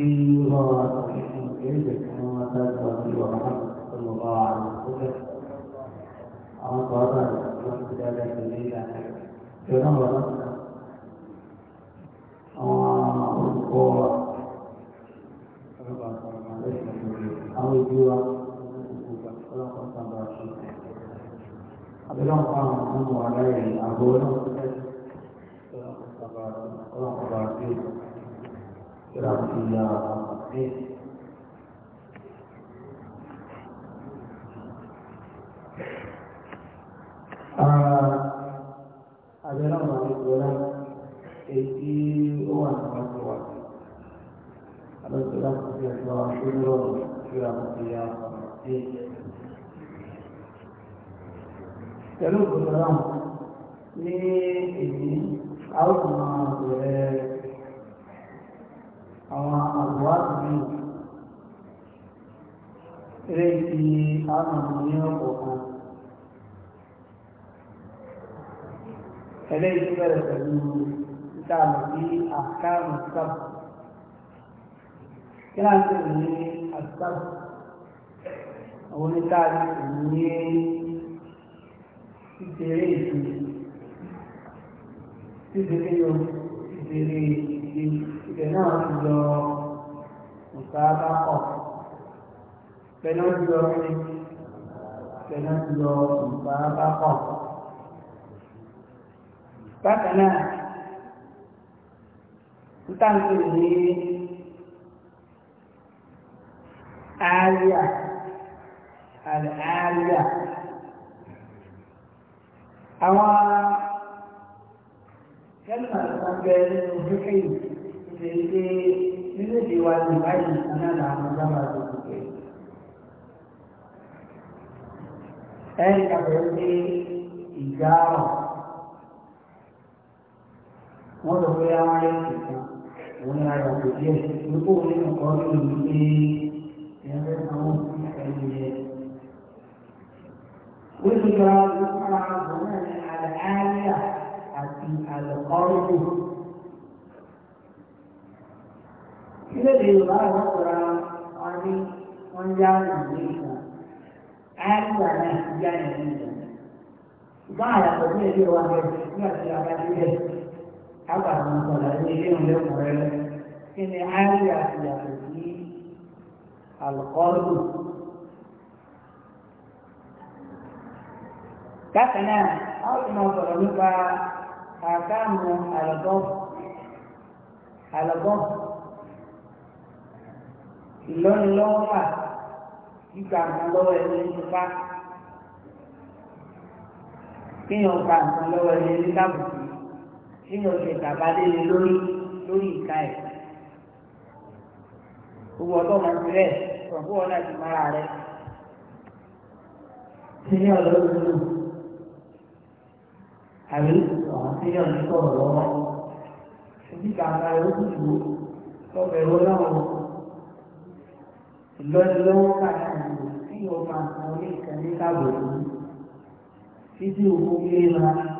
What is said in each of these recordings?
في رواه عندك كما تذكر في محمد صلى الله عليه وسلم عن قرآن وقت ذلك الليلة في رمضان Abbiamo fatto un anno a lei, a voi, ìrànlọ́yà ọ̀pẹ́. Àbẹ̀rẹ̀ àwọn àgbẹ̀gbọ́lá èyí ó wà ní wọ́n ti wà ní. Àbẹ̀gbọ́lá kò sí ẹ̀sọ́ àṣírò ìrànlọ́yà ọ̀pẹ́. Pẹ̀lú òkúta náà ní èyí, a ó kùnà eléyìí bẹ̀rẹ̀ pẹ̀lú ìtààmù sí àkáàmù sábà kí náà sì ní àsábà àwọn onítààmù sì ní ìṣeré ìṣe ìṣeré yóò ìṣeré ìṣe ìṣe náà ti lọ mùsàlá ọ̀ pẹ̀lú ìjọ pẹ̀lú ìjọ mùsàlá ọ̀ bákan náà ń tàǹtì ní àríyá àríyá àwọn kẹ́lùmọ̀ kan bẹ nínú fífẹ́ yìí ṣe ṣe nínú èdè wa ní báyìí náà làwọn sábà lò ó ẹ̀yìn àbẹ̀wò pé ìgbà ọ̀hún. wọ́n lọ pé àwọn ará ìsìnkú òun ni ara kò díẹ̀ nípò ní nǹkan nínú ilé ẹ̀rọ àwọn ìsìnkú yẹn. Wíṣọ ara àwọn náà ni àlàáyà àti àlùkọ́rùbù. Ilé ìlú Yorùbá àwọn ọ̀rọ̀ wọn ní wọ́n yá Nàìjíríà. Àyàtúwà náà yá Nàìjíríà. Ìgbà àyàtọ̀ ní ẹgbẹ́ wa bẹ̀rẹ̀ nígbà tí a bá dé bẹ̀rẹ̀. àgbà tó ń ilé ìwé ọ̀rẹ́ rẹ̀ kí ni áyé àti yàtọ̀ sí alùpọ́ọ̀lù. bákan náà a ó sì sọ̀rọ̀ nípa àkáàmù àlọ́gọ́ àlọ́gọ́ gbígbà nǹkan lọ́wọ́ ẹni nípa nínú ọ̀sẹ̀ bàbá délé lórí lórí ìka ẹ̀ gbogbo ọ̀dọ́ máa ń fi rẹ̀ ọ̀gbọ́n wọn láti mara rẹ̀ sínú ọ̀dọ́ lórí àbí ọ̀hún sínú ọ̀dọ́ sọ̀rọ̀ lọ́wọ́ ibi bàbá rẹ̀ ó kùtù lọ́bẹ̀ rọ láwọn ìlọ́nilọ́wọ́ káàkiri tí yóò máa san orí ìkànnì káàbọ̀ yìí títí òkú kéré máa.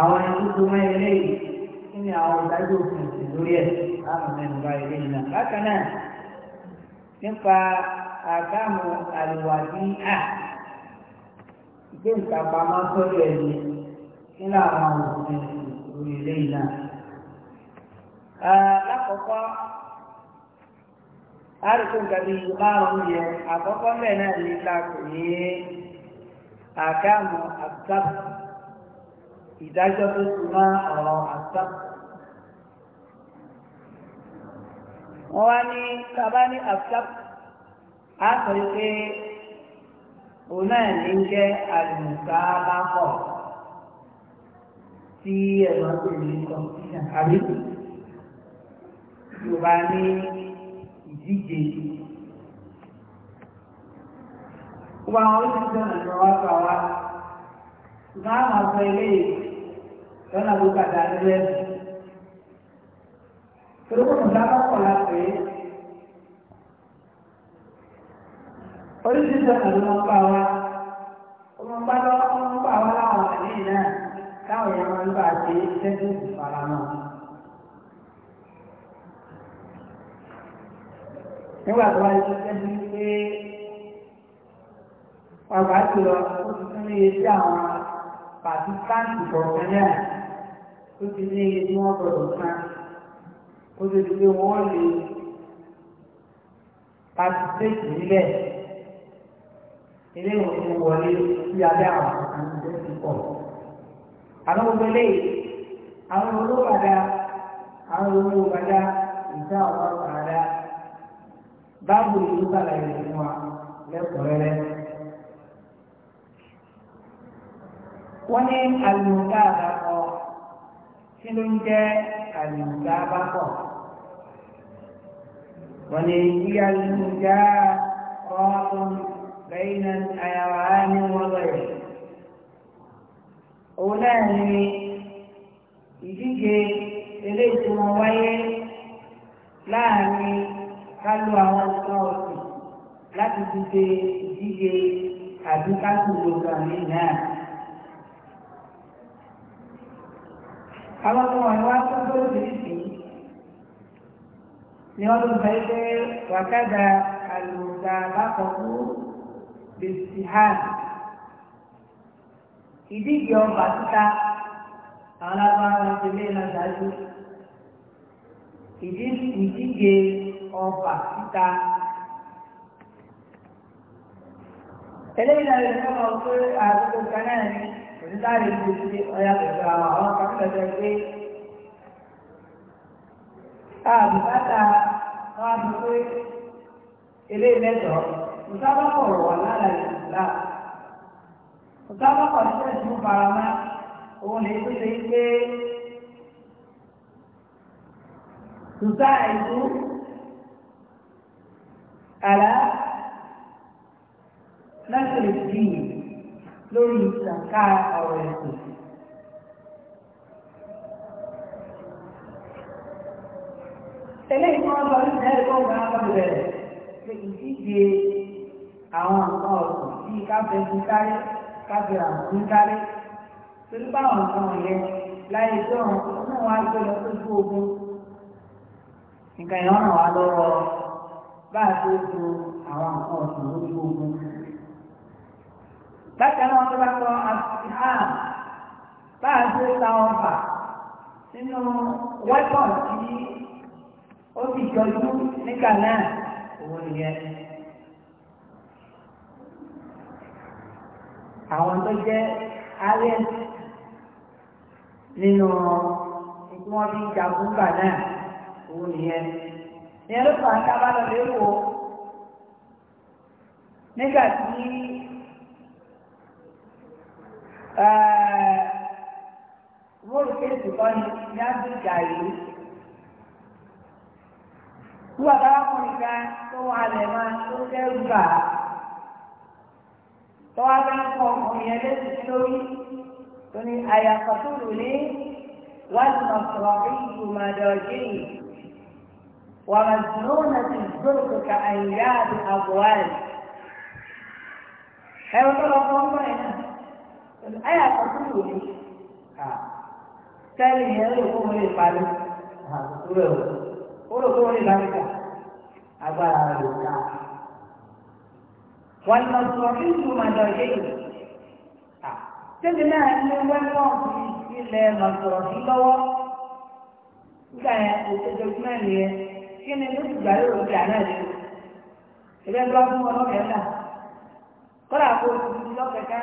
àwọn ẹni tó mọ ilé yìí kí ni àwọn ìdájọ́ òfin ìsìn lórí ẹ̀ mẹ́nu bá ilé yìí náà. bákan náà nípa àkáàmù àlùwàdí à ìgbé ìtàpamọ́ sórí ẹ̀mí kí ni àwọn òfin ìsìn lórí ilé yìí náà. lákọ̀ọ́kọ́ àrùkù márùn-ún àkọ́kọ́ mẹ́rin náà ní ìdájọ́ tó ti má ọ̀rọ̀ àṣà. wọ́n wá ní tàbá ní àṣà á sọ pé òun náà ní jẹ́ àlùmùsá lápọ̀ tí ẹ̀rọ tó lè sọ àbí yorùbá ní ìdíje gbogbo àwọn oríṣiríṣi ọ̀nà ni wọ́n fà wá ṣùgbọ́n àwọn àgbà ilé yìí lọ́nà gbogbo àdáyé nígbà la Oríṣiríṣi ọ̀nà ló máa ń bá wa. Ọmọ lọ ọmọ ń bá wa láwọn náà èèyàn máa ń bá a ṣe tẹ́tí ìfara náà. Nígbà tó tẹ́tí pé ó ti tún pàtíkáǹtì kọ̀ọ̀kan náà ó ti ní iye tí wọ́n gbọ́dọ̀ san ó ti di pé wọ́n lè pàtíkéǹtì níbẹ̀ ilé ìwòsàn wọlé sí abẹ́ àwọn àti ti pọ̀. àwọn gbogbo eléyìí àwọn olóòbàdà àwọn olóòbàdà ìta àwọn àbàdà báàbò ìlú bàlàyé fún wa lẹ́kọ̀ọ́ rẹ́rẹ́. wọ́n ní àlùmọ́tà àdàpọ̀ kí ló ń jẹ́ àlùmọ́tà àbápọ̀ wọ́n ní kí àlùmọ́tà ọ̀ọ́tún lẹ́yìn àyàwó àmì wọn lọ́yẹ̀ òun náà ní ìdíje eléyìí tó wáyé láàrin kálù àwọn nǹkan láti fi ìdíje àbí gbogbo àmì náà. àwọn ọmọ ẹ̀ wá tó tó lè sí ni wọ́n ló sọ pé wàkàdà àlùdà lákọ̀ọ́kú lè sì hà ìdíje ọba títa àwọn alábára ti lé lọ́dájú ìdíje ọba títa. eléyìí náà lè fọwọ́ pé àdúgbò kan náà ní ìdíláàrí tó ṣe ọya pẹ̀lú àwọn àwọn akẹ́kọ̀ọ́ pé àbùkátà wọn á fi pé ilé ìlẹ́tọ̀ mùsàbọ̀kọ̀ wà lára ìlúlá mùsàbọ̀kọ̀ ṣẹ́ ti mú farama òun lè tó ṣe pé tùtà ìlú àlá lásìrì dìnyìn lórí ìtànká ọ̀rọ̀ ẹ̀sìn. Tẹ̀lé ìfọ́n sọ ní ìdáyé tó ń bá bá bẹ̀rẹ̀ pé ìdíje àwọn nǹkan ọ̀sìn bíi káfẹ́ ní sáré káfẹ́ àwọn ní sáré torí báwọn nǹkan wọ̀nyẹn láyé tó ń mú wa gbé lọ sójú ogun nǹkan ìrànwọ́ lọ́wọ́ bá a tó ju àwọn nǹkan ọ̀sìn lórí ogun bákan náà tó bá kọ àti hàn bá a ṣe ta ọba nínú wẹ́pọ̀n tí ó fi jọjú nígbà náà òun nìyẹn. àwọn tó jẹ́ alẹ́ nínú tí wọ́n fi jagun gbà náà òun nìyẹn. ìyẹn ló fà ń sábà lọ lérò nígbà tí wọ́n kéèkì kan ní ní áfíríkà yìí wíwà táwákùnrin kan tó wà lẹ̀ máa tó dẹ́rù bà á tọ́wá bá ń kọ ọkùnrin yẹn lẹ́sìn lórí tó ní àyàkọ́tòlù ní wàlùmọ̀sọ̀rọ̀ ìlú màdọ̀jìnì wàmàdùnúnà ti gbòòkò ka àyíká àti àbúwárì ẹ̀rọ tó lọ fọ́ ọmọ yẹn náà pẹ̀lú àyà kan tó wù ní kẹ́lí yẹn ló kó wọn lè parí àtúrò ó ló kó wọn lè parí kà agbára rẹ̀ ká. wọ́n lọ sọ fún ìtumọ̀ àjọ yìí tẹ́bi náà ní wẹ́lọ́ọ̀kì ilẹ̀ lọ́sọ̀rọ̀ sí lọ́wọ́ nígbà yẹn òṣèjọ fún ẹ̀mí yẹn kí ni ló ti gbà lóru ìjà náà lé wọn lọ́kẹ̀ẹ́ náà kọ́lá kó o ti lọ́kẹ̀ẹ́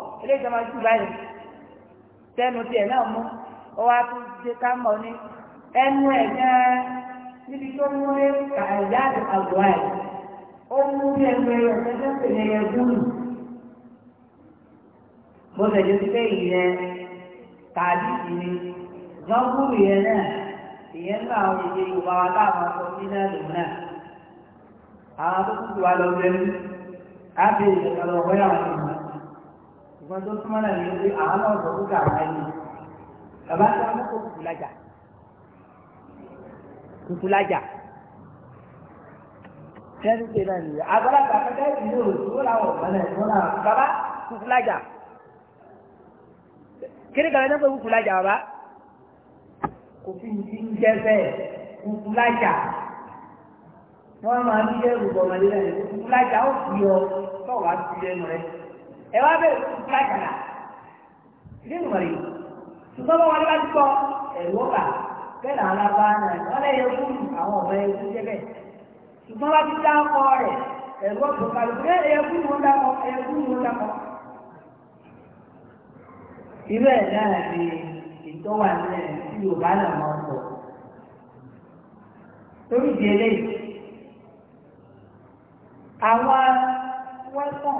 ilé ìjọba jù báyìí tẹnu tiẹ̀ náà mú ó wá tún ṣe ká mọ̀ ní ẹnu ẹ̀ gan níbi tó mú lé ó mú bí ẹnu ní tàbí ìní zọ́kùrù yẹn náà ìyẹn náà àwọn èdè Yorùbá wa sọ sí náà lòun náà àwọn tó ṣùgbọ́n tó súnmọ́ náà ni wípé àwọn náà sọ fún gàwá ẹni bàbá tó wọn kó kùkù lájà kùkù lájà sẹ́ni ṣe náà nìyẹn àgbàlagbà kẹ́kẹ́ ìlú òṣù làwọn ọ̀gá náà ìlú náà bàbá kùkù lájà kí ni kàwé náà pé kùkù lájà bàbá kò fi ní ń jẹ bẹ́ẹ̀ kùkù lájà wọ́n máa ń jẹ́ rúbọ̀ mọ́lẹ́lẹ́ kùkù lájà ó fi ọ tọ́wọ́ á ti lẹ́nu rẹ̀ ẹ wá bẹ̀rẹ̀ sí káàkiri ilé ìmọ̀ràn yìí ṣùgbọ́n bá wọlé bá ti kọ́ ẹ̀rù ọ̀gá bẹ́ẹ̀ làwọn alábá náà wọ́n lẹ́yìn ewu àwọn ọ̀bẹ ewu jẹ́ bẹ́ẹ̀ ṣùgbọ́n bá ti dá ọkọ rẹ̀ ẹ̀rù ọ̀gá kàlù pé ewu ni wọ́n dákọ ewu ni wọ́n dákọ. irú ẹ̀ náà ni ìtọ́wà náà tí Yorùbá náà máa ń bọ̀ torí àwọn wẹ́sàn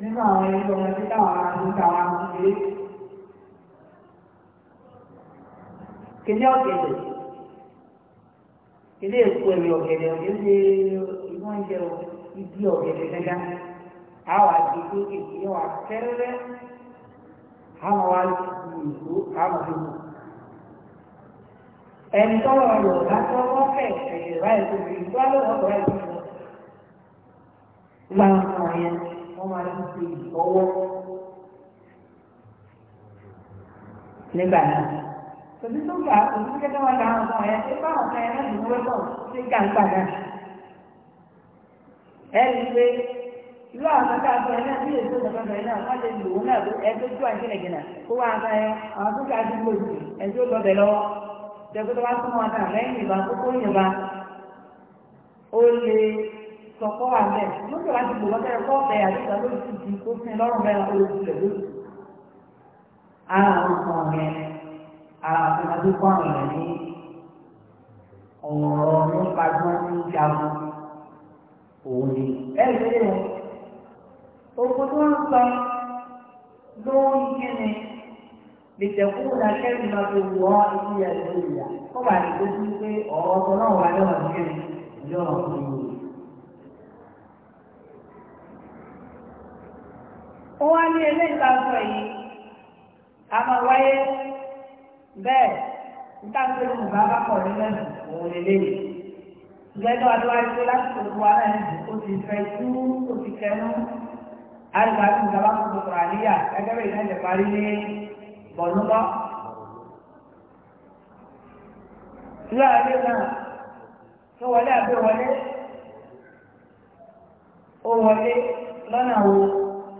nínú àwọn ilé ọmọ tí káwọn ará ń ta ṣe é. ọ̀gẹ̀dẹ̀, ilé èkó ẹ̀mí ọ̀gẹ̀dẹ̀ ọ̀gẹ̀ ṣe ìwọ̀n jẹ ibi ọ̀gẹ̀dẹ̀ gẹ́gẹ́. Àwọn àgbègbè kìkì yẹn wà fẹ́rẹ́rẹ́. Àwọn wa lè ìlú àwọn ìlú. Ẹni tọ́wọ́ rẹ̀ ọ̀gá tọ́wọ́ ẹ̀yẹ̀ báyìí tó fi ìgbọ́ lọ́wọ́ bọ̀ ẹ̀ wọ́n máa ń ṣe ìfọwọ́ nígbà náà. Tòbí tó gbà òní kẹ́kẹ́ wọn làwọn ọmọ ẹ̀ ṣé báwọn ọmọ ẹ̀ náà ló bọ̀ ṣé jàǹgbà náà. Ẹ rí i pé irú àwọn ọmọ káàkiri ẹ̀ náà bí èso ìdọ̀gbọ̀n ẹ̀ náà wọ́n lè lò wọ́n náà tó ẹ tó tó àìsí ẹ̀gẹ̀ kó wá àgbà ẹ̀ àwọn tó káàkiri lò sí ẹ̀ tó lọ bẹ̀ lọ́wọ́. Tẹ̀gbọ́n tó wá súnmọ́ wọn sọ̀kọ́ wà bẹ́ẹ̀ láti gbò lọ́tẹ̀ ẹ̀kọ́ ọ̀bẹ àdìgbà ló ti di kó sin lọ́rùn bẹ́ẹ̀ lọ́wọ́ lóṣù rẹ̀ lóṣù. ara àwọn kan yẹn ara àwọn kan àwọn yẹn ní ọ̀rọ̀ nípa tí wọ́n ti ń jagun òun ni. ẹ lè rẹ oko tó ń sọ lórí kíni lìtẹ̀kùn náà kẹ́rin máa fi wọ́ ìdíyà ìyá kó bàa lè dojú pé ọ̀rọ̀ ọ̀tọ̀ náà wà lọ́wọ́ kíni lọ́wọ́ kíni. ó wá ní eléyìí a yìí a máa wáyé bẹ́ẹ̀ nílẹ̀ òun gbẹ́dọ̀ adúláyé lásìkò tó o ti fẹ́ tú o ti kẹnu àgbà tó gbà bá kó gbogbo àríyá ẹgbẹ́ bẹ́ẹ̀ náà parí ní bọ̀lúbọ́. ìlú àdé náà tó wọlé àbí wọlé ó wọlé lọ́nà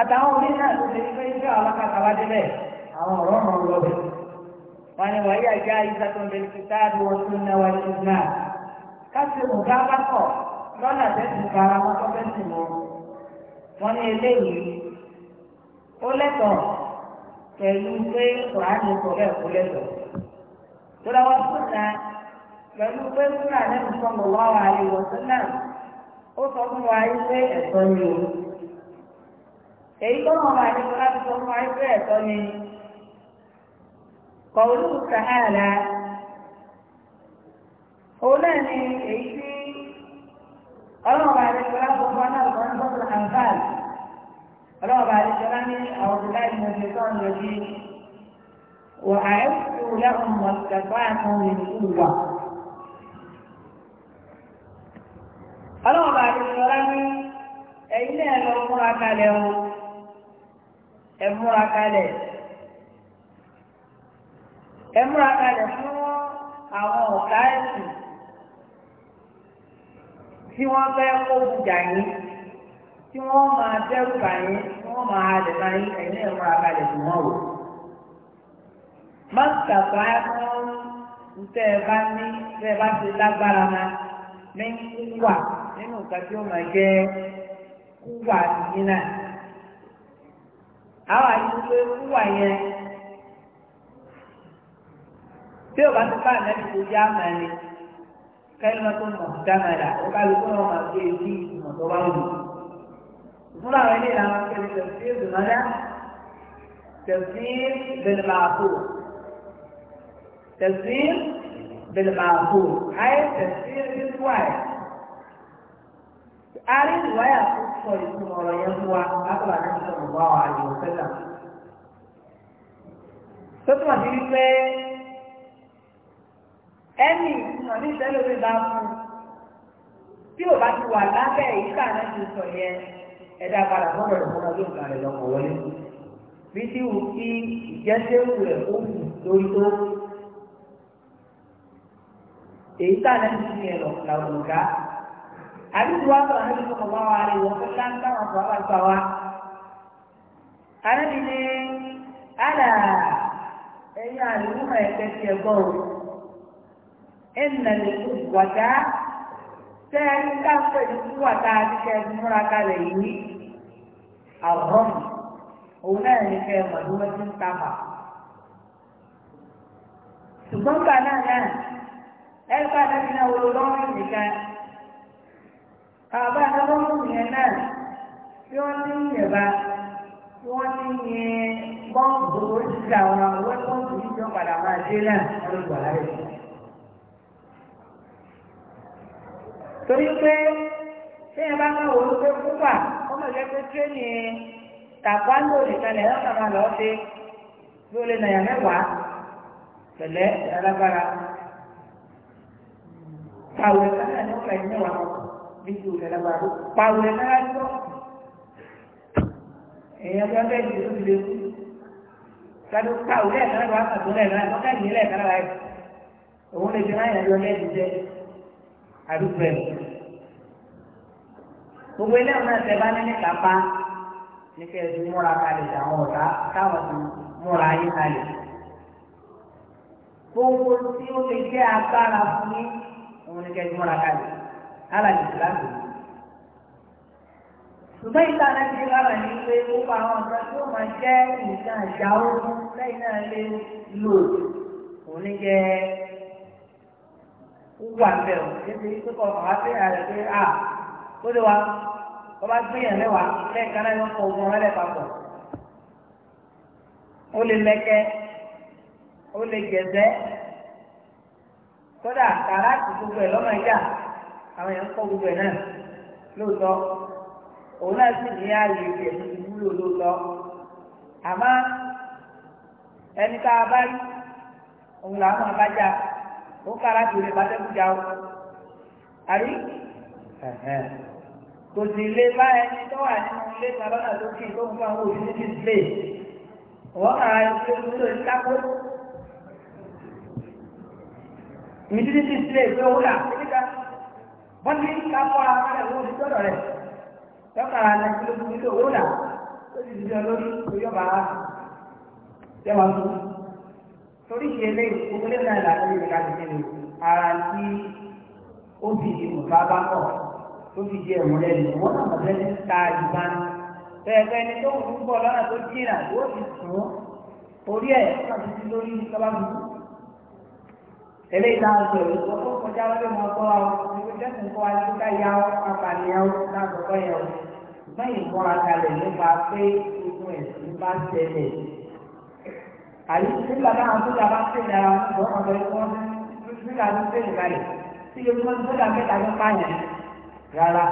àtàwọn orí náà ló ṣe pé iṣẹ́ alákàtà wá débẹ̀ àwọn ọ̀rọ̀ ọ̀rọ̀ lọ bẹ̀. wọ́n ní wàyí àjá ìṣẹ́ tó ń bẹ ti táàbù wọn tó ná wa ní ìgbà. káṣí òǹkà bá kọ̀ lọ́nà tẹ̀sí fara wọn tó pẹ̀lú pé kùránì kò lẹ́ kó lẹ́tọ̀ọ́. tó lọ́wọ́ sùnà pẹ̀lú pé sùnà lẹ́nu sọ́mọ̀ wà á lè wọ̀ sùnà ó sọ fún wa yí pé ẹ̀tọ́ ni òun. èyí tó wọn bá ní láti sọ fún àìsí ẹ̀tọ́ ni kọ̀ọ̀lù sàhálà òun náà ni èyí tí ọlọ́run bá ní fún ọ̀nà ọ̀gbọ́n tó tó àǹfààní ní sọ láti àwọn ọ̀dọ́ ní ẹ múra kalẹ̀ ẹ múra kalẹ̀ fún àwọn ọ̀tá ẹ̀sìn tí wọ́n fẹ́ kó bujà yín tí wọ́n máa dẹ́rù bà yín tí wọ́n máa halẹ̀ bá yín ẹ̀yìn ẹ̀ kalẹ̀ fún wọn o. ẹ bá ní tẹ́ ẹ bá ti lágbára ma ní àwọn àyíké wúwà yẹn tí o bá ti bá àná ìdìbò yá máa ní kẹ́lẹ́ tó mọ̀ dámàdà ó bá lóko náà máa gbé ibi ìmọ̀ tó bá wù. ìfúnra àwọn ilé ìlànà kẹlẹ́ tẹ̀sí ìdùnnádá tẹ̀sí bẹ̀rẹ̀màfò tẹ̀sí bẹ̀rẹ̀màfò ayé tẹ̀sí ìdíwáyà. a rí ìwáyà fún sọ ìtumọ̀ ọ̀rọ̀ yẹn fún wa látọ̀lá ní ìṣòro bá wa àyè òṣèlà. tó túmọ̀ sí wípé ẹni ìtumọ̀ ní ìṣẹ́lẹ̀ mi bá fún tí ò bá ti wà lábẹ́ ìṣà náà ti sọ yẹn ẹ̀dá padà fọ́nà ìfọ́nà tó ń kà lè lọ́kọ̀ wọlé. bí tí wù kí ìjẹ́sẹ̀wù rẹ̀ ó wù lórí tó èyí tá a lẹ́nu sí yẹn lọ làwọn ò àdìsí wa sọ̀rọ̀ àdìsí kò wá wa rè wọ́n ńlá ńlá wọn wa Ṣùgbọ́n náà náà ẹ̀ka náà lọ́wọ́ àbá adábọ́ọ̀lù yẹn náà tí wọ́n ní ìyẹ̀bá tí wọ́n ní yẹn bọ́ọ̀lù tó ti dà wọn àwọn ẹgbọ́ọ̀lù yìí jọ padà máa dé náà wọ́n ló gbà láyé. torí pé tí yẹn bá máa wò ó pé púpà wọ́n mọ̀ jẹ́ pé tírénì tàbá ló nìkan lẹ̀ kàmá lọ́ọ́ ṣe bí lè nàyà mẹ́wàá pẹ̀lẹ́ alágbára. Àwọn ìkànnì àti ọ̀pẹ̀ ìmẹ́wàá níbi òṣèlú àbàbò pàwẹ̀ náà tọ́ èèyàn bí wọ́n bẹ́ẹ̀ ní ìlú ìlú kadu pàwẹ̀ náà lọ́wọ́ àtúnlẹ̀ náà lọ́kẹ́ ìyẹlẹ̀ náà láì òun lè fi náà yàn lọ lẹ́ẹ̀dì jẹ́ àdúgbò ẹ̀ gbogbo ilé ọ̀nà ẹ̀sẹ̀ bá ní ní kápá ní kẹ́ ẹ ti múra kalẹ̀ àwọn ọ̀tá táwọn ti múra ayé kalẹ̀ gbogbo tí ó lè jẹ́ agbára fún yín òun ní kẹ́ ẹ ti múra kalẹ̀ ara ìsìlámù. ṣùgbọ́n ìta náà ti rárá ní pé gbogbo àwọn ọ̀sán tí ó máa jẹ́ nǹkan àjáwó lẹ́yìn náà lè lò òun ní jẹ́ wúwà bẹ́ẹ̀ o kéde pé kọ́ ọ̀hún àti ààrẹ pé à ó lè wa wọ́n bá gbé yàn lẹ́wàá lẹ́ẹ̀kan náà wọ́n kọ ogun ọ̀rẹ́ papọ̀. ó lè lẹ́kẹ́ ó lè gẹ̀ẹ́sẹ́ kódà kàrá àti gbogbo ẹ̀ lọ́mọ ìjà àwọn èèyàn kọ́ gbogbo ẹ̀ náà lóòótọ́ òun náà sì ní ààyè rẹ̀ ìwúlò lóòótọ́ àmọ́ ẹni tá a bá rí òun làwọn abájá ó kára ju rẹ̀ bàtẹ́kùjà o àrí kò sì lè bá ẹni tó wà nínú ilé kan lókè tó ń bá wọn òfin ní wọ́n kàrà ìṣe ìṣúlò ìṣàkó ìdílé display tó wúlà nígbà tó wọ́n ní ká fọ́ra mọ́lẹ̀ owó ti tọ́lọ̀ rẹ̀ lọ́kàrà ní kílódé nílò owó là ó sì dìde lórí oyún bá a jẹ́ wọn tó torí ìṣe lé gbogbo náà làwọn ènìyàn láti ṣe ara tí ó fi ìmọ̀ bá bá pọ̀ tó fi di ẹ̀wọ̀n lẹ́nu wọn náà mọ̀ lẹ́nu ta ìgbà bẹ́ẹ̀ ni tó ń bọ̀ lọ́nà tó jìnnà ó ti sùn orí ẹ̀ náà ti ti lórí sábà eléyìí tá a sọ tó kọjá lọ́dọ̀ mọ́ gbọ́ ọ ìwé jẹ́sìn kọ́ ayé ya ọ apànìyàn lákòókò yẹn o ṣùgbọ́n ìbọn àkàlẹ̀ nípa pé ogun ẹ̀sìn bá ṣẹlẹ̀ àyè nígbà táwọn sójà bá ṣẹlẹ̀ ara wọn lọ́wọ́ ọ̀dọ́ ikú wọn nígbà tó ṣẹlẹ̀ balẹ̀ tí yóò mọ sójà mẹ́ta ló pààyàn rárá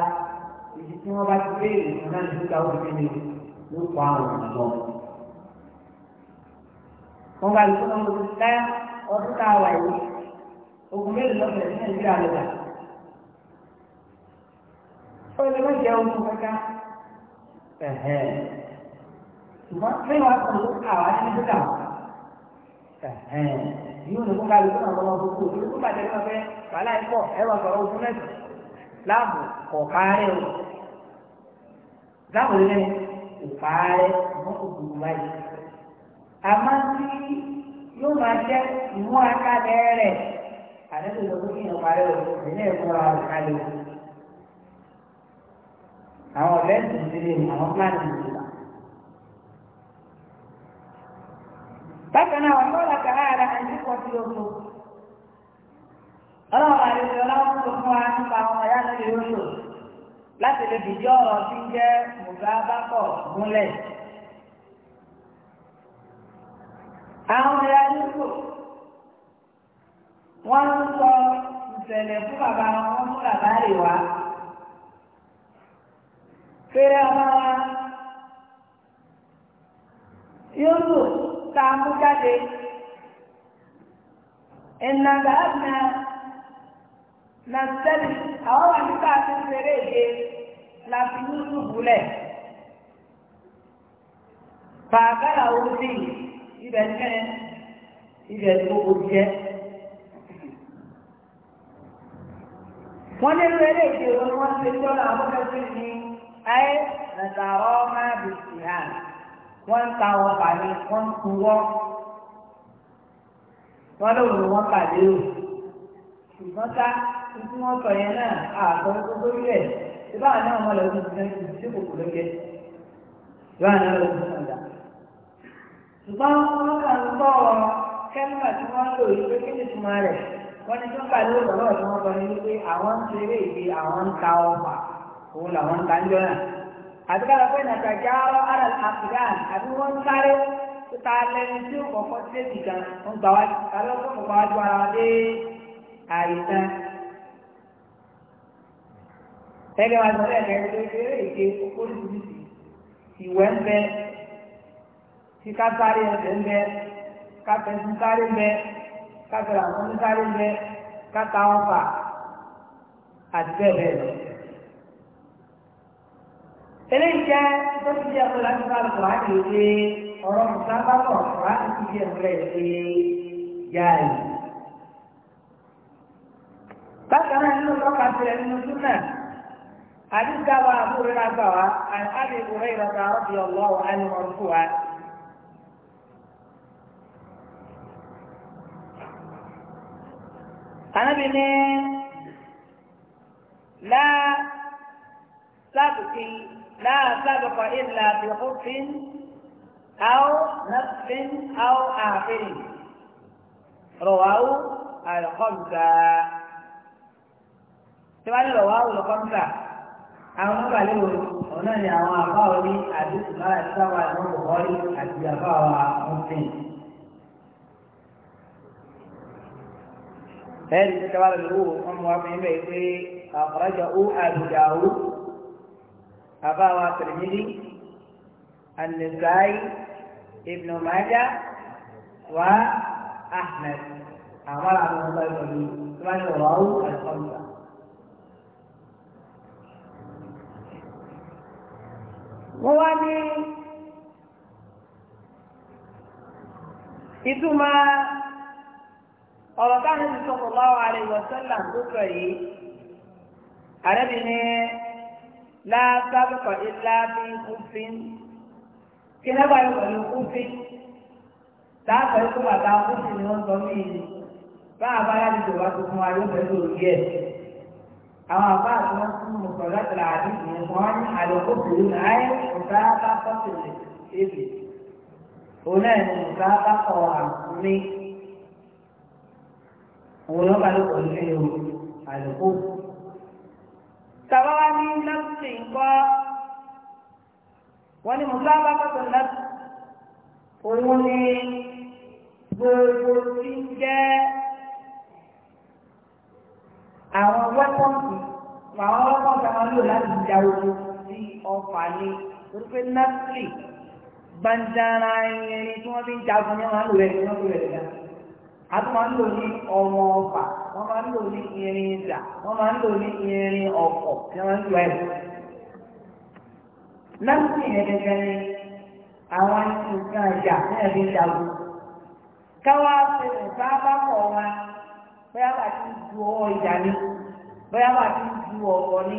ìdí tí wọ́n bá ti béèrè náà ní sójà òfin ni ló pa àwọn ọ̀dọ́ wọn bá lè fún ọdún tá yìí ogun mélòó lọ́pẹ̀ ní nàìjíríà lọ́dà ó lè má jẹ́ ohun kankan ẹ̀hẹ́ ṣùgbọ́n mẹ́wàá kan ló kà wá ní dúkà ẹ̀hẹ́ yóò lè kó kálukú náà lọ́wọ́ gbogbo òṣèlú tó bàjẹ́ lọ́wọ́ fẹ́ wàhálà ẹ̀kọ́ ẹ̀wà sọ̀rọ̀ ogun mẹ́sàn láàbù kọ̀ọ̀kárẹ́ o láàbù lẹ́yìn ìpààrẹ ìmọ̀ òkùnkùn báyìí àmọ́ tí yóò máa jẹ́ ìmú akalẹ̀ àdẹ́sí ló fún kíyàn parí o ìdílé rẹ̀ kálí àwọn ọ̀bẹ ti ti di àwọn fúlàní ti ti ta. bákan náà wọn lọ́la kàrá ara ẹni pọ̀ sí oko. ọlọ́run àlejò ọlọ́run tó fún wa nípa àwọn ọ̀yá lórí oṣù láti lè ọ̀rọ̀ tí ń jẹ́ bákọ̀ àwọn wọ́n ń sọ ìṣẹ̀lẹ̀ fún bàbá wọn wọ́n mú bàbá rè wá. Fèrè ọmọ wa yóò lò ká mú jáde. Ìnàgbà àbùnà na sẹ́lì àwọn wà nípa àti fèrè èdè la fi lùlù búlẹ̀. Bàbá làwọn ò sí ibẹ̀ tẹ́ ibẹ̀ tó o jẹ́. wọ́n ní ló lè dé wọn wọ́n ti tó la wọ́n fẹ́ sí ni ayé nàzàrọ́ máa bì sí hà wọ́n ń ta wọn pàdé wọ́n ń tu wọ́ wọ́n ló wù wọ́n pàdé o ṣùgbọ́n ká tuntun wọn sọ yẹn náà àtọ́ tó tó yẹ ìbá àná wọn lọ sí ìdílé ìdílé tí kòkò ló ìbá àná lọ sí ìdílé ṣùgbọ́n wọ́n kà ń bọ̀ kẹ́lí màtí wọ́n lò yí pé kí ni tuma rẹ̀ wọ́n ní sọ́kà ló lọ́rọ̀ tí wọ́n sọ ní wípé àwọn ń ṣeré ìgbé àwọn ń ta ọfà òun làwọn ń ta ń jọ́nà àti pé nàìjíríà jáwọ́ ara àfìgán àbí wọ́n ń sáré tó ta lẹ́nu tí ó kọ̀ọ̀kan sí èdè kan ń gbà wá tàbí ó kọ̀ọ̀kan wá ju ara wa dé àìsàn. ẹgbẹ́ wa sọ lẹ́ẹ̀kan ẹgbẹ́ eré ìgbé oríṣiríṣi ìwẹ́ ń bẹ tí ká sáré ẹsẹ̀ ń bẹ ká fẹ̀sùn sáré kájọra àwọn oníkárí jẹ káta wọn fà àti bẹ́ẹ̀ bẹ́ẹ̀ lọ. eléyìí jẹ́ tó ti jẹ́ ọ̀rọ̀ láti bá lọ́wọ́ á lè ṣe ọ̀rọ̀ mùsàlámọ̀ ọ̀rọ̀ á ti jẹ́ ọ̀rọ̀ ẹ̀ ṣe yáàyè. bákan náà nínú tọ́ka tirẹ̀ nínú súnà àdúgbò àwọn àbúrò náà gbà wá àti àbí ìwúrẹ́ ìrọ̀ta ọ̀dì ọ̀lọ́wọ́ á ní wa. anábì ní láàbùkì láàbùkọ̀ ìlà bìkúfin aw nafin aw àfin rọ̀wáwú àlùkọ́ǹkà tí wọ́n ní rọ̀wáwú àlùkọ́ǹkà àwọn ọmọ àlẹ́ wo ọ̀nà ni àwọn àbáwọ̀ ní àdúgbò máa ń sáwà ní ọ̀pọ̀ àti àbáwọ̀ àwọn ẹ̀rí tó tẹ́wàá lórí owó wọn mú wa fún ibẹ̀ pé àkọ́rọ́jọ ó àbùdáwó àbáwa tìrìmìlì ànìsáì ibn Májà wa Ahmed àwọn àwọn ọmọ ẹgbẹ́ mi tó bá ṣe ọ̀rọ̀ àwọn àìsàn wọ́n wá ní ìtumọ̀ ọ̀rọ̀ táwọn ti sọ̀rọ̀ láwọn àríwọ̀ sọ́là tó sọ yìí àrẹ́bí ní lábàbùkọ̀ ìlàbí kúfin kí lẹ́gbàá yóò pẹ̀lú kúfin láàpọ̀ ikú bàbá kúfin ni wọ́n sọ mí ni bá àbára ti dòwà tuntun wa yóò pẹ̀lú òye ẹ̀ àwọn àbá àti wọn tún mú sọ láti ra àdúgbò wọn ní àlòkófin ní ayé ọ̀tá bá kọ́sìlẹ̀ èdè òun náà ní ọ̀tá bá kọ̀ àmì òun lọ́ba ló pọ̀ nílé o àlùkò. Tàbáwá ní nọ́ọ̀sì ńkọ́ wọ́n ní mùsùlùmí bá kọ́tọ̀ nọ́ọ̀sì òun ní gbogbo tí ń jẹ́ àwọn wẹ́pọ̀ǹtì àwọn wẹ́pọ̀ǹtì àwọn lò láti ja ogun sí ọfà ní wípé nọ́ọ̀sì gbàǹdàrà ẹ̀yìn tí wọ́n fi ń jagun ní wọn lò rẹ̀ ní wọ́n lò rẹ̀ dáa. a ń lò ní ọmọ ọfà wọ́n máa ń lò ní irin wọ́n máa ń lò ní irin ọ̀pọ̀ tí wọ́n ń lò ẹ̀. láti ni àwọn nǹkan ìjà ní ẹ̀rí káwá ṣe bóyá bá ti ju ọwọ́ ìjà ni bóyá bá ti ju ọ̀pọ̀ ni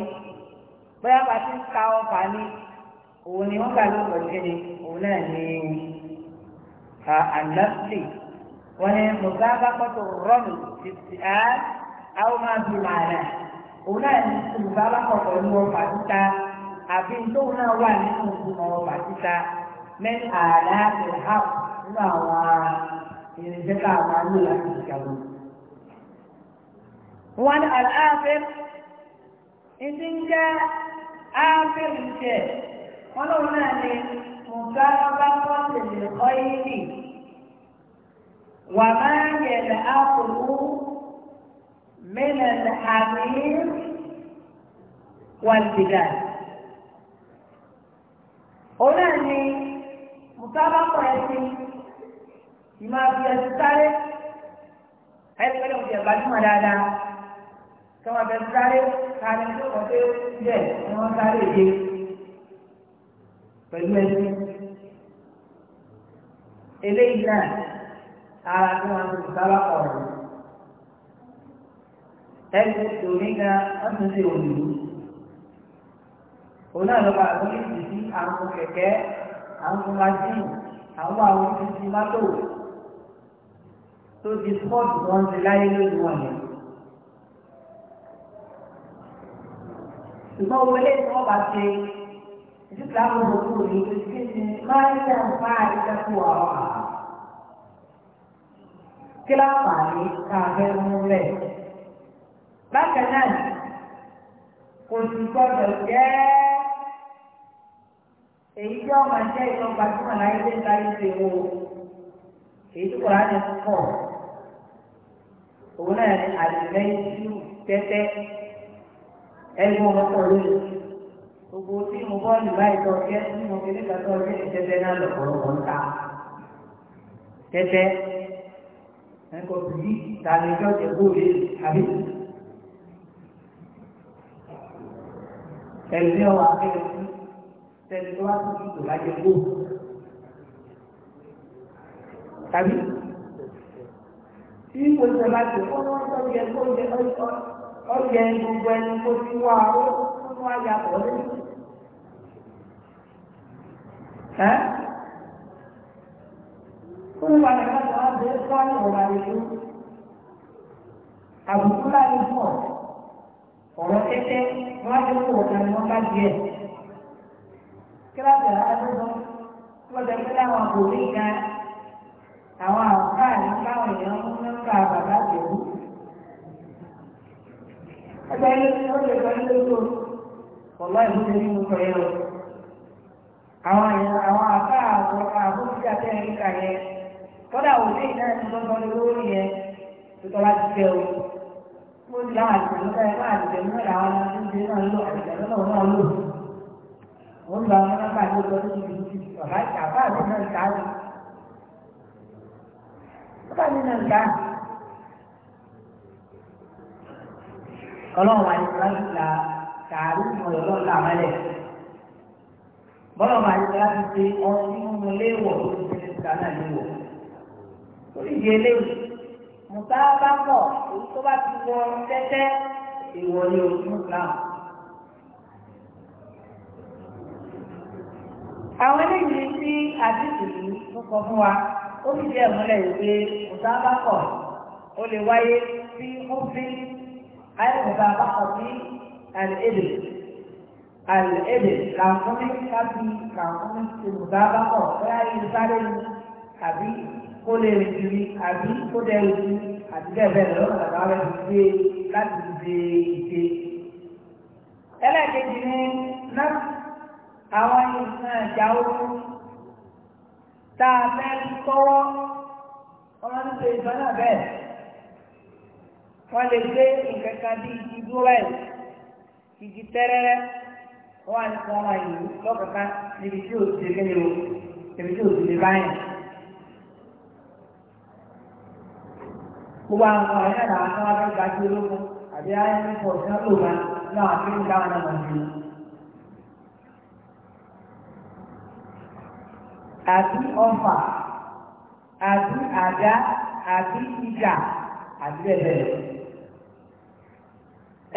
bóyá bá ti ka ọfà ni òun ni wọ́n gbà ni وهي مسابقة الرمي في السؤال أو ما في معناه أولاً مسابقة الرمي وفاتتا أبين دون أولاً مسابقة وفاتتا من آلات الحق لا إن جدا ما نلا وان الآخر إذن جاء آخر شيء ولو ناني مسابقة للخير وما يلأقه من الحمير والبلاد هنا مسابقة يسير ما في السارة هل كلام في البلد ملالا كما في السارة كان يقول جيد وما سارة جيد فالمسيح إلينا ara tí wọ́n ti sábà ọ̀rọ̀ ẹni torí ga wọ́n ti ṣe òdìlú òun náà lọ́ba àwọn ìdí sí àwọn kẹ̀kẹ́ àwọn májìnnì àwọn àwọn ìdí mátò tó di spọ́ọ̀tù wọn ti láyé lójú wọn yẹn. ṣùgbọ́n owó ilé tí wọ́n bá ṣe ìdíkàá gbogbo kúrò ní ìdíkàá máa ń tẹ̀ ń fa ìdíkàá àwọn àwọn kíláàpù àní káfẹ́ mú bẹ́ẹ̀. bákan náà kò sì gbọdọ̀ jẹ́ èyí tí ọmọ jẹ́ ìtọ́gbà tí wọn láyé dé láyé ṣe wo èyí tí kò láti pọ̀ òun náà ní àlùmẹ́yìn tẹ́tẹ́ ẹni wọn kọ̀ lónìí gbogbo tí mo bọ́ọ̀lù báyìí tọ́ jẹ́ tí mo fi nígbà tó ọjọ́ ìtẹ́tẹ́ náà lọ̀pọ̀lọpọ̀ ń ta tẹ́tẹ́ ẹ̀kọ́ sí tàbí ìjọ́jẹ̀ bóòlé àbí ẹ̀lẹ́ ọwọ́ akẹ́lẹ́ sí tẹ̀lé tó wá sí ìtò lájẹ bóò tàbí tí mo sọ láti ọwọ́ ọjọ́ ọjọ́ ọjọ́ ọjọ́ gbogbo ẹni kó ti wá ó fún wáyà pọ̀ lẹ́yìn ẹ́ fún wáyà pọ̀ bẹ sáré ọ̀la nínú àbùkù láyé pọ̀ ọ̀rọ̀ tẹ́tẹ́ wọ́n á jẹ́ kó ọ̀gá ni wọ́n bá jẹ́ kíláàsì aláàbò lọ wọ́n jẹ́ pé láwọn kò ní ìka àwọn àwòká ní káwọn èèyàn ń mú ká bàbá jẹ̀wú. ẹgbẹ́ ilé tí ó lè gbọ́ ilé tó ọ̀la ìlú ti ní mo sọ yẹn o àwọn àwòká àbúrò àbúrò tí a fẹ́ ń kà yẹn kọ́dà òde náà ti gbọ́dọ̀ lórí yẹn tó tọ́lá fẹ́ o mo ti láwọn àti ìlú káyọ̀ máa ti tẹ̀lé náà àwọn ọmọdé náà lò àtìlẹ́ náà náà lò wọ́n gba wọn náà báyìí lọ́jọ́ tó ti di ti bàbá àbá àbí náà ń dáhùn bàbá mi náà ń dáhùn ọlọ́run àyíká ti àyíká ti ṣe ọtí mímu léèwọ̀ tó ti náà léèwọ̀ oríṣi eléyìí mùtá bá pọ̀ èyí tó bá ti wọ tẹ́tẹ́ ìwọ ni òfin islam. àwọn eléyìí tí àdìsí yìí tó kọ fún wa ó fi díẹ̀ múlẹ̀ wípé mùtá bá pọ̀ ó lè wáyé sí òfin àìmùtá bá pọ̀ sí àlèédè àlèédè làǹfọ̀mí kábí làǹfọ̀mí ti mùtá bá pọ̀ bóyá yìí sáré ni àbí kó lè rìn kiri àbí kó dẹrù sí àti bẹ́ẹ̀ bẹ́ẹ̀ lọ́wọ́ bàbá rẹ̀ ti gbé láti ṣe ìṣe. ẹlẹ́ẹ̀kejì ni náà àwọn nǹkan ìjà ogun tá a fẹ́ kọ́wọ́ ọmọ tó ṣe ìjọ náà bẹ́ẹ̀ wọ́n lè gbé nǹkan kan bí igi búrẹ́ẹ̀lì igi tẹ́rẹ́rẹ́ wọ́n á ní kí wọ́n máa yìí lọ́kọ̀ọ́ká níbi tí ò ti lè kéde o níbi tí ò ti lè báyìí. gbogbo àwọn ẹ̀yà náà wọn fẹ́ gba sí ológun àbí ayé ní pọ̀ sí ọ̀lù wa náà àti ní káwọn náà wọ̀nyí. àti ọfà àti àdá àti ìjà àti bẹ́ẹ̀ bẹ́ẹ̀.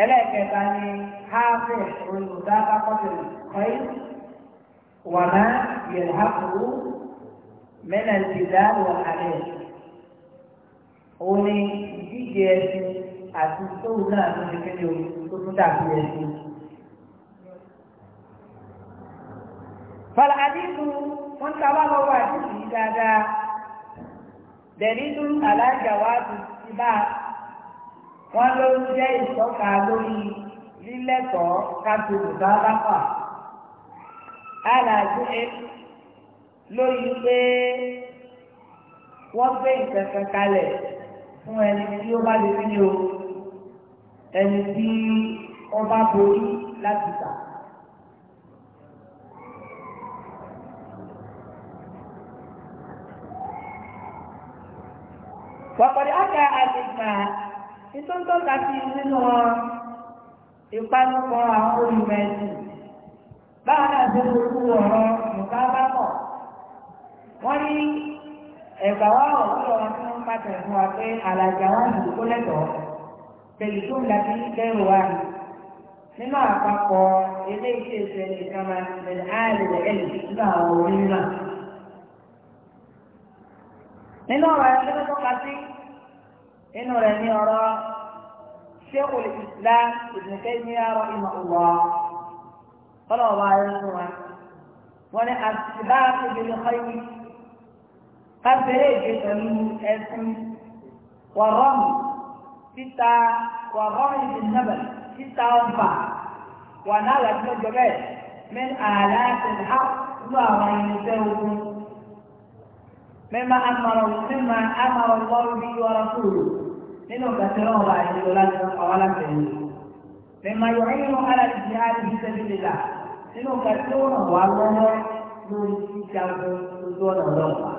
ẹlẹ́ẹ̀kẹta ni haafẹ́ olùdábàkọ́tẹ̀ kọ́í wàmá yẹ̀lhákùú mẹ́nà ìdílé àwọn àlẹ́ òun ni ìdíje ẹsìn àti tóun náà ló ti kéde o tó tún dàbí ẹsìn. fàlàdínú wọn ta wá lọ́wọ́ àdìsí yìí dáadáa dẹ̀rídùn alájà wa ti ti bá wọn ló ń jẹ́ ìtọ́ka lórí lílẹ́tọ̀ọ́ káfí bùbá bá fà alàgbé pé wọ́n gbé ìtẹ̀kẹ́ kalẹ̀ fún ẹni tí ó bá lè fi ní o ẹni tí ó bá borí láti tà. wàpàdé ọ̀gá àgbègbè ìtọ́ntọ́ láti nínú ìpanupọ̀ àwọn olùmọ̀ ẹ̀sìn báwọn àti olùkú ọ̀rọ̀ nǹkan bá pọ̀ wọ́n ní ẹ̀gbà wà wọ̀ sí ọ̀rọ̀ pàtàkì fún wa pé àlàjà wa ní ìdókò lẹ́tọ̀ọ́ tẹ̀lé tó ń la fi lẹ́rù wa nínú àpapọ̀ eléyìí ṣe ìṣẹ̀lẹ̀ ìkàmà ìṣẹ̀lẹ̀ àìlẹ̀ ẹ̀lì nínú àwọn orin náà. nínú ọ̀rọ̀ ẹ̀ṣẹ́ tó tọ́ka sí inú rẹ̀ ní ọ̀rọ̀ ṣéwò ìlà ìdùnkẹ́ ní àrọ̀ ìmọ̀ ìwọ̀ ọlọ́ọ̀bá ẹ̀rọ fún wa wọ́n ní àtìbá àti ìbílẹ̀ ká bẹ̀rẹ̀ èdè pẹ̀lú ẹ̀sìn wàrọ́mù títa wàrọ́mù ìdí nàbẹ̀ títa ọ̀fà wà náà láti lọ́jọ́ bẹ́ẹ̀ mẹ́rin àlá àtẹ̀lẹ́ á nínú àwọn irinṣẹ́ ogun mẹ́ma amọ̀rọ̀ mẹ́ma amọ̀rọ̀ lọ́rù bí wọ́rọ̀ kúrò nínú kàtẹ́rọ̀ ọba ìdílé láti ọwọ́ láti ẹ̀yìn mẹ́ma yọ̀ọ́yìn ọ̀hálà ìdí àti ìṣẹ́lẹ̀ nínú kàtẹ́rọ̀ ọba lọ́wọ́ lórí ìjà ogun lójú ọ̀nà ọlọ́pàá.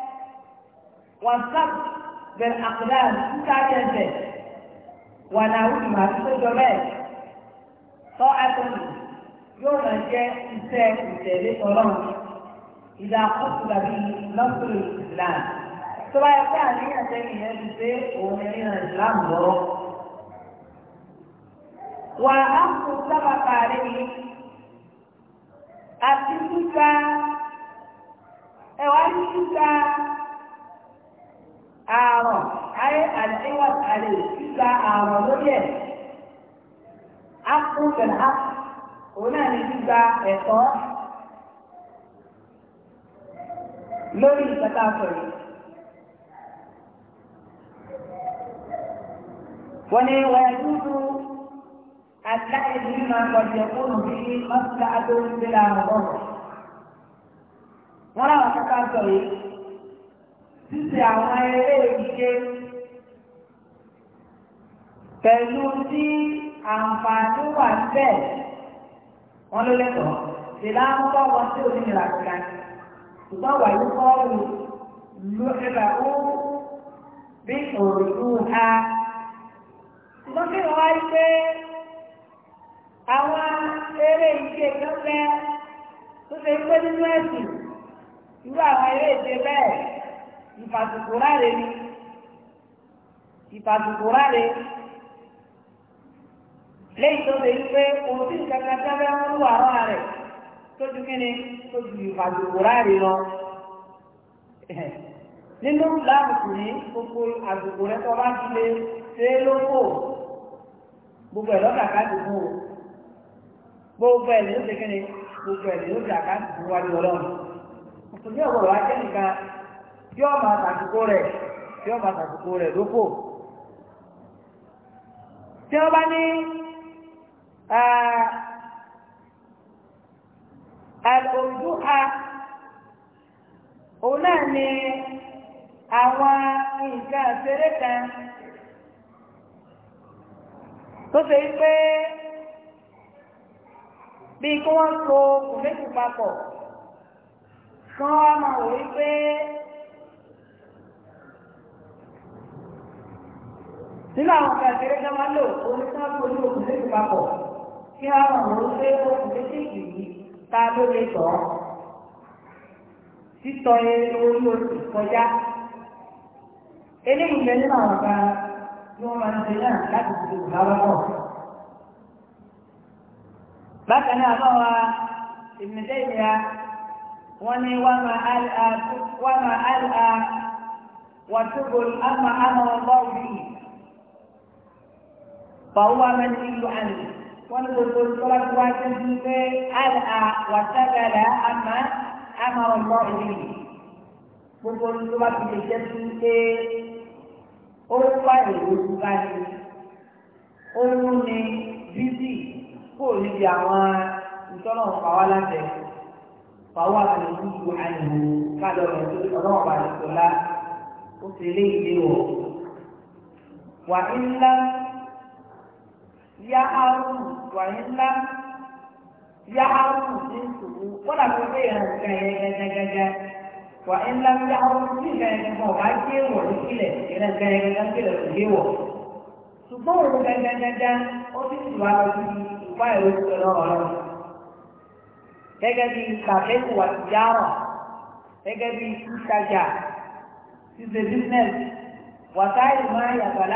والصبر بالأقدام كاجنة ونعوذها في الجمال طاعة يوم الجاء إنسان إنسان ورمز إذا قتل به نصر الإسلام ترى يقال هي تاني هذه ومن الإسلام ضرب وأخذ سبق عليه أتيتك أو أتيتك àrọ̀ ayé àdéhùn àlè gbígba àrọ̀ lórí ẹ̀ ápù pẹ̀lú ápù òun náà ní gbígba ẹ̀tọ́ lórí ìpẹ́tà pẹ̀lú. wọ́n ní wọ́n yẹ dúdú àtìláyé yìí máa gbọ́dọ̀ yẹ̀kúrò bí mọ́tìlá adóhùn sílẹ̀ àrùn ọ̀rọ̀. wọ́n láwọn kọ́kọ́ sọ yìí ṣíṣe àwọn eré ìdíje pẹ̀lú tí àǹfààní wà bẹ́ẹ̀ wọ́n ló lẹ́tọ̀ọ́ ìlà ń bọ̀ wọ́n tí òní ìlà kíkà ṣùgbọ́n wà ló kọ́ ọ́rù ló ẹ̀bà ó bí òòlù ha ṣùgbọ́n kí wọ́n wá rí pé àwọn eré ìdíje kan fẹ́ tó ṣe pé nínú ẹ̀sìn irú àwọn eré ìdíje bẹ́ẹ̀ ìfàsùkò ráre ni ìfàsùkò ráre lẹ́yìn tó lè pé òun tí kankan sábẹ́ ń wà rán rẹ̀ tó ju kí ni tó ju ìfàsùkò ráre lọ. nínú láàbùkù ní gbogbo àsùkò rẹ tó bá ti lè ṣe é lóko gbogbo ẹ̀ lọ́kà ká dùn ún gbogbo ẹ̀ ló ṣe kí ni gbogbo ẹ̀ ló ṣe àkáǹtì tó wájú ọlọ́run. òṣèlú ọ̀gọ̀rọ̀ ajẹ́ nìkan tí ọmọ àtàkùkọ rẹ̀ tí ọmọ àtàkùkọ rẹ̀ ló kò tí wọ́n bá ní àlòdúhà òun náà ni àwọn nǹkan àṣeré kan tó ṣe pé bí kí wọ́n so kùmẹ́kù papọ̀ kí máa wò nínú àwọn ọ̀gá ìṣeré ká máa lò orí tí wọ́n òkú méjì papọ̀ kí á mọ̀ ló pé méjèèjì yìí ta ló lè tọ̀ ọ́. títọ́ eré orí oṣù kọjá eléyìí lẹ́nu àwọn ọ̀gá tí wọ́n máa ń ṣe náà láti bákan náà bá wa fàwọn amẹ́ni ìlú àná wọ́n ní gbogbo tọ́lá tí wọ́n ti ń pé àlà wàtàgàlà àmà àmà ọ̀gbọ́ ìlú gbogbo tó bá ti lè jẹ́ sí pé ó wá èrò tó bá ní ó ń ní bísí kó o níbi àwọn ìtọ́nà fàwọn aláǹdẹ̀ fàwọn amẹ́ni ìlú àná kálọ̀ rẹ̀ tó ọlọ́wọ́ bàjẹ́ tó ó ti lé ìdíwọ̀ wà ń lá yá áàrùn wàyí ńlá yá áàrùn ní ìṣòro kọ́dà tó fẹ́ yẹn nǹkan yẹn gẹ́gẹ́gẹ́gẹ́ wàyí ńlá yá áàrùn ní ìgbà yẹn kọ́ wàá gé wọ̀ ní kílẹ̀ yẹn nǹkan yẹn gẹ́gẹ́gẹ́ kò gé wọ̀ ṣùgbọ́n òun gẹ́gẹ́gẹ́gẹ́ ó ti tù wá lọ sí ìwá ìwé ìṣòro ọ̀rọ̀ gẹ́gẹ́ bí kàfẹ́kù wà sí yàrá gẹ́gẹ́ bí ìtajà ṣíṣe bísínẹ́sì wàtáì máa yàtọ̀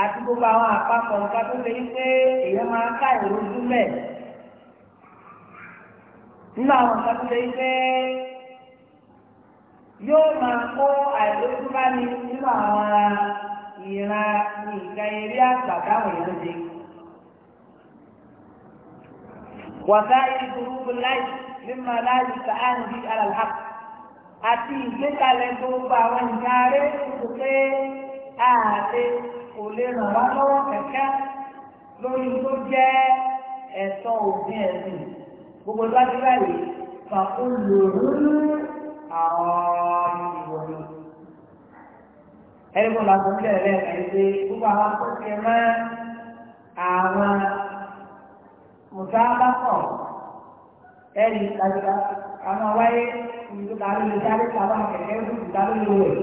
àti gbogbo àwọn àpapọ̀ nǹkan tó lè pé èèyàn máa ká ìrojú mẹ́. nínú àwọn nǹkan tó lè pé yóò máa kó àìrojú bá ní nínú àwọn ìran nǹkan eré àgbà táwọn èèyàn wàtá ìdúró láì mímọ láì sàánù bíi alàlhàkù àti ìgbékalẹ̀ gbogbo àwọn ìyá rẹ̀ kò pé ààrẹ kò lè ràn wá lọ́wọ́ kẹ̀kẹ́ lórí tó jẹ́ ẹ̀tọ́ òfin ẹ̀sìn gbogbo láti báyìí fàkó lòrú àwọn ìwọ̀nì. ẹni kò lásán kí ẹ̀rẹ́ ẹ̀rẹ́ pé gbogbo àwọn akókè mọ́ àwọn mùsàlákọ̀ ẹ̀rí kàdìkà àwọn wáyé ìlú kàdìkà lórí sáré kàwọn akẹ̀kẹ́ lórí ìdálórí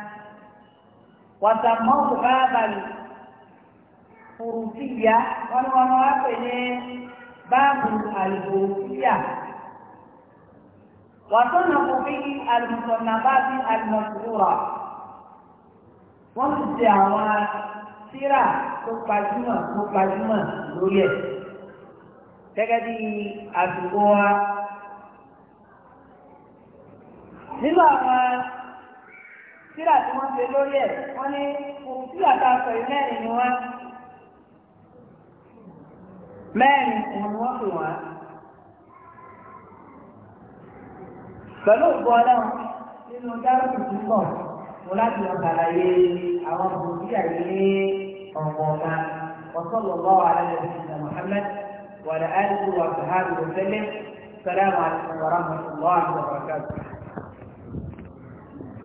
wàtàmọ́tò báàbàlì fùrùtìyà wọn ni wọn wá pè ní báàbù àlùfòrùtìyà wàtọ́nà kòfí àlùmùsọ̀nà báàbí àlùmọ̀sùwòrà wọ́n ti di àwọn síra tó gbajúmọ̀ tó gbajúmọ̀ lórí ẹ̀ gẹ́gẹ́ bí àdúgbò wa nínú àwọn síra tí wọ́n ṣe lórí ẹ̀ wọ́n ní òkú síra tá a sọ yìí mẹ́rin ni wọ́n mẹ́rin òun ni wọ́n pè wọ́n. pẹ̀lú òkú ọlọ́run nínú dárúkú túbọ̀ mo láti lọ sàlàyé àwọn bòmíyà yìí ní ọ̀gbọ̀nma وصلى الله على نبينا محمد وعلى اله وصحبه وسلم السلام عليكم ورحمه الله وبركاته